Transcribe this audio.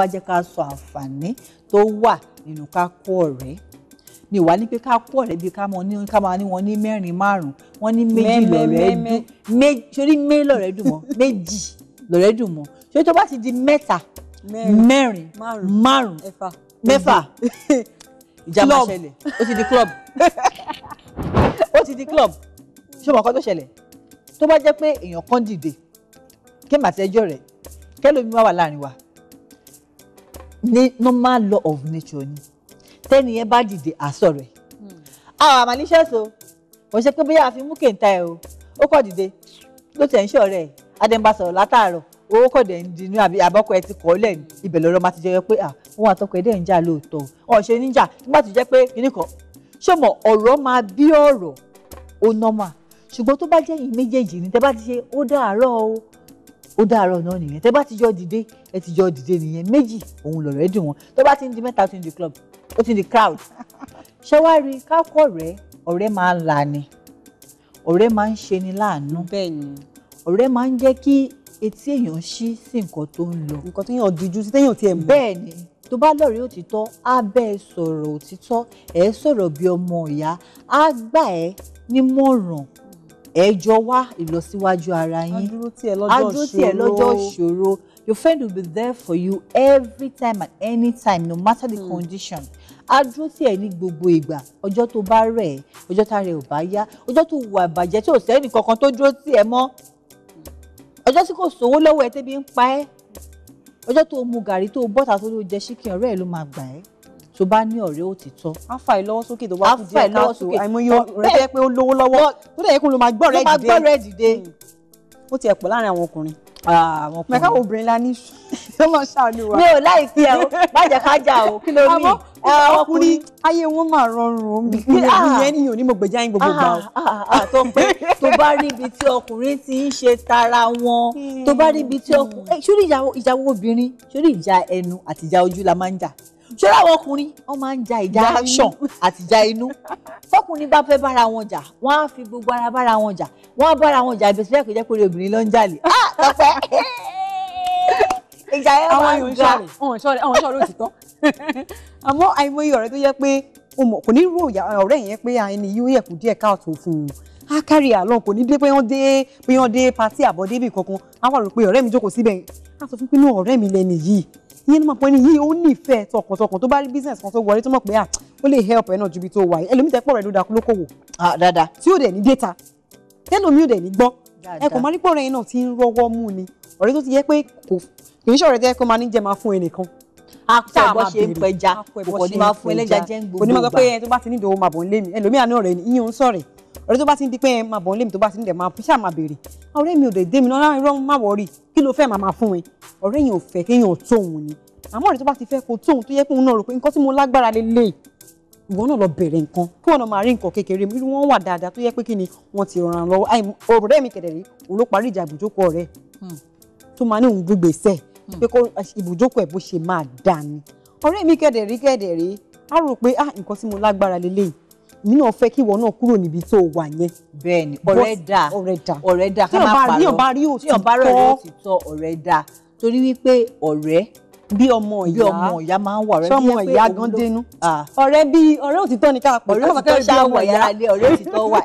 wá jẹ́ ká sọ àǹfààní tó wà nínú ká kó ọ̀rẹ́ mi wà ní pé ká kó ọ̀rẹ́ bíi ká máa ní wọn ní mẹ́rin márùn-ún wọn ní méjì lọ̀rẹ́ dùn sórí mé lọ̀rẹ́ dùn mọ́ méjì lọ̀rẹ́ dùn mọ́ sórí tó bá ti di mẹ́ta mẹ́rin márùn-ún mẹ́fà ìjà máa ṣẹlẹ̀ ó ti di club ó ti di club ṣé mọ̀ kọ́ tó ṣẹlẹ̀ tó bá jẹ́ pé èèyàn kan dìde kí màtí rẹ̀ kẹ́lómi wá wà láàrin wa ní normal law of nature ni tẹ́ni yẹn bá dìde àsọ rẹ̀ hmm. àwọn àmàlíṣẹ́ so kò ṣe pé bóyá àfi mú kèńtà ẹ o ó kọ̀ dìde ló tẹ̀ ń ṣe ọ̀rẹ́ ẹ̀ adẹ́nba sọ̀rọ̀ látàárọ̀ owó kọ̀ dẹ̀ ń dinú àbí àbọ̀kọ̀ ẹ ti kọ́ lẹ̀ ní ibẹ̀ lọ́rọ̀ máa ti jẹ́ pé àwọn àtọkọ̀ ẹ̀ dẹ̀ ń jà lóòótọ́ wọn ṣe níjà nígbà tó jẹ́ pé kìnnì kan ṣé mo ọ̀rọ̀ máa bí ọ̀rọ̀ ó nọ́mà ṣùgbọ́n tó bá jẹ́ yìí méjèèjì ni tẹ́ bá ti ṣe ó dàárọ̀ o ó dàárọ̀ náà nìyẹn tẹ́ bá ti jọ dìde ẹ ti jọ dìde nìyẹn méjì òun lọ̀rọ̀ ẹ dùn wọn tó bá ti ń di mẹ́ta tó ń di club ó ti ń di crowd ṣé wàá rí kákọ́ rẹ̀ ọ̀rẹ́ máa ń la ni ọ̀rẹ́ máa ń ṣe ni láàánú ọ̀rẹ́ máa ń jẹ́ kí etí èèyàn ṣí sí nǹkan tó ń lọ nǹkan tó yàn díjú sí téèyàn tiẹ̀ mọ̀ bẹ́ẹ̀ ni tó bá lọ́rẹ̀ẹ́ òtítọ́ á bẹ́ẹ̀ sọ̀rọ̀ òtítọ́ ẹ̀ sọ̀rọ̀ bí ọmọ ìyá á gbà ẹ́ nímọ̀ràn ẹ jọ wá ìlọsíwájú ara yín adúró tí ẹ lọ́jọ́ ìṣòro your friend will be there for you every time and any time no matter the mm. condition adúró tí ẹ ní gbogbo ìgbà ọjọ́ tó bá rẹ̀ ọjọ́ tá rẹ̀ ò bá yá ọjọ́ tó wà bàjẹ́ tí ò sẹ́ni kankan tó dúró tì ẹ́ mọ́ ọjọ́ tí kò sówó lọ́wọ́ ẹ tẹ́bi ń pa ẹ́ ọjọ́ tó mu gàrí tó bọ́tà tó ló jẹ ṣíkìn ọ̀rẹ́ ẹ ló máa gbà ẹ́ tó bá ní ọ̀rẹ́ òtítọ́ á fà ẹ́ lọ́wọ́ sókè tó bá kú díẹ̀ káàtó àìmọye ọ̀rẹ́ tẹ́ pé ó lówó lọ́wọ́ tó dẹ̀ yẹ kó ló máa gbọ́rẹ́ dìde hmm. ó tiẹ̀ pọ̀ láàrin àwọn ọkùnrin ah, àwọn ọkùnrin mẹ́ka obìnrin la ní ṣe mọ̀ ṣàánú wa. mi ò láìpẹ́ ẹ̀ o má jẹ́ ká jà o kí ló eh, rí ọkùnrin ayé wọn máa rọrùn omi ìyẹn nìyẹn ní mo gbèjà yín gbogbo gbà o. Ah, ah, tó pé tó bá rí ibi tí ọkùnrin ti ń ṣe tara wọn tó bá rí ibi tí ọkùnrin eh, ṣórí ìjà obìnrin ṣórí ìjà ẹnu àti ìjà ojú la máa ń jà ṣé láwọn ọkùnrin wọn máa ń ja ìjà action àti ìjà inú fọkùnrin bá fẹ́ bára wọn jà wọ́n á fi gbogbo ara bára wọn jà wọ́n á bára wọn jà ìbẹ̀sí bẹ́ẹ̀ kò jẹ́ pé obìnrin ló ń jalè. Ah, ìjà yẹn máa ń ga àwọn ìṣọ̀rẹ́ àwọn ìṣọ̀rẹ́ òtítọ́ àmọ́ àìmọye ọ̀rẹ́ tó yẹ pé kò ní rò ọ̀rẹ́ yẹn pé ẹni yóò yẹ kù díẹ̀ káàtó fún un á kárí àlọ́ kò ní dé pé wọ́n dé pé wọ́n dé patí àbọ̀dé ibì kankan á wà rò pé ọ̀rẹ́ mi jókòó síbẹ̀ á sọ fún pé náà ọ̀rẹ́ mi lẹni yìí ìyẹn ló mọ̀ pé ẹni yìí ó nífẹ̀ẹ́ tọkàntọkàn tó bá rí business kan tó wọlé tó mọ̀ pé ah, ó lè help ẹ náà ju ibi tó wà yìí ẹlòmíì tẹ́pọ̀ rẹ̀ ló da kólókòwò ah, dáadáa tí ó dẹ̀ ní data tẹ́lòmíì ò dẹ̀ ní gbọ́ ẹ kò máa rí pọ̀ rẹ̀ yẹn náà ti ń rọ́wọ́ mú ni ọ̀rẹ́ tó ti yẹ pé kò kì í ṣọ̀rẹ́ tẹ́ kó máa ní jẹ́ máa fún ẹnìkan tá a bọ́ ṣe ń pẹja kò kò ní máa sọ pé ẹni ọ̀rẹ́ tó bá ti ń di pé máa bọ̀ lémi tó bá ti ń dẹ̀ máa ṣáà máa béèrè ọ̀rẹ́ mi ò dé démi náà irọ́ má wọ̀ọ́rì kí ló fẹ́ máa máa fún ẹ ọ̀rẹ́ yẹn ò fẹ́ kéèyàn tóun ni àmọ́ ọ̀rẹ́ tó bá ti fẹ́ kó tóun tó yẹ kóun náà rò pé nǹkan tí mo lágbára lè lè ìwọ náà lọ bẹ̀rẹ̀ nǹkan kí wọn náà máa rí nǹkan kékeré irú wọn wà dáadáa tó yẹ pé kí ni wọn ti ràn án lọ́wọ́ ọ̀rẹ́ mi kẹ̀dẹ̀ rí òun ló parí ìjà ìbùjókòó ọ̀rẹ́ hmm. tó máa ní òun gbégbèsè hmm. pé kó ìbùjókòó ẹ̀ bó ṣe máa dà ní ọ̀rẹ́ mi kẹ̀dẹ̀ rí kẹ̀dẹ̀ rí á rò pé ah, nǹkan tí mo lágbára lélẹ́yìí mi náà fẹ́ kí ìwọ náà kúrò níbi tó wà yẹn. bẹ́ẹ̀ni ọ̀rẹ́ dà ọ̀rẹ́ dà ọ̀rẹ́ dà ká má parọ́ tí ọba rí òtítọ́ ọ̀rẹ́ dà torí wípé ọ̀rẹ́ bí ọmọ ìyá bí ọmọ ìyá máa ń wà ọ̀rẹ́ bí ọmọ ìyá gan dénú. ọ̀rẹ́ bí ọ̀rẹ́ òtítọ́ ni ká pọ̀ ọ̀rẹ́ òtítọ́ ṣáà wà yàrá lé ọ̀rẹ́ òtítọ́ wà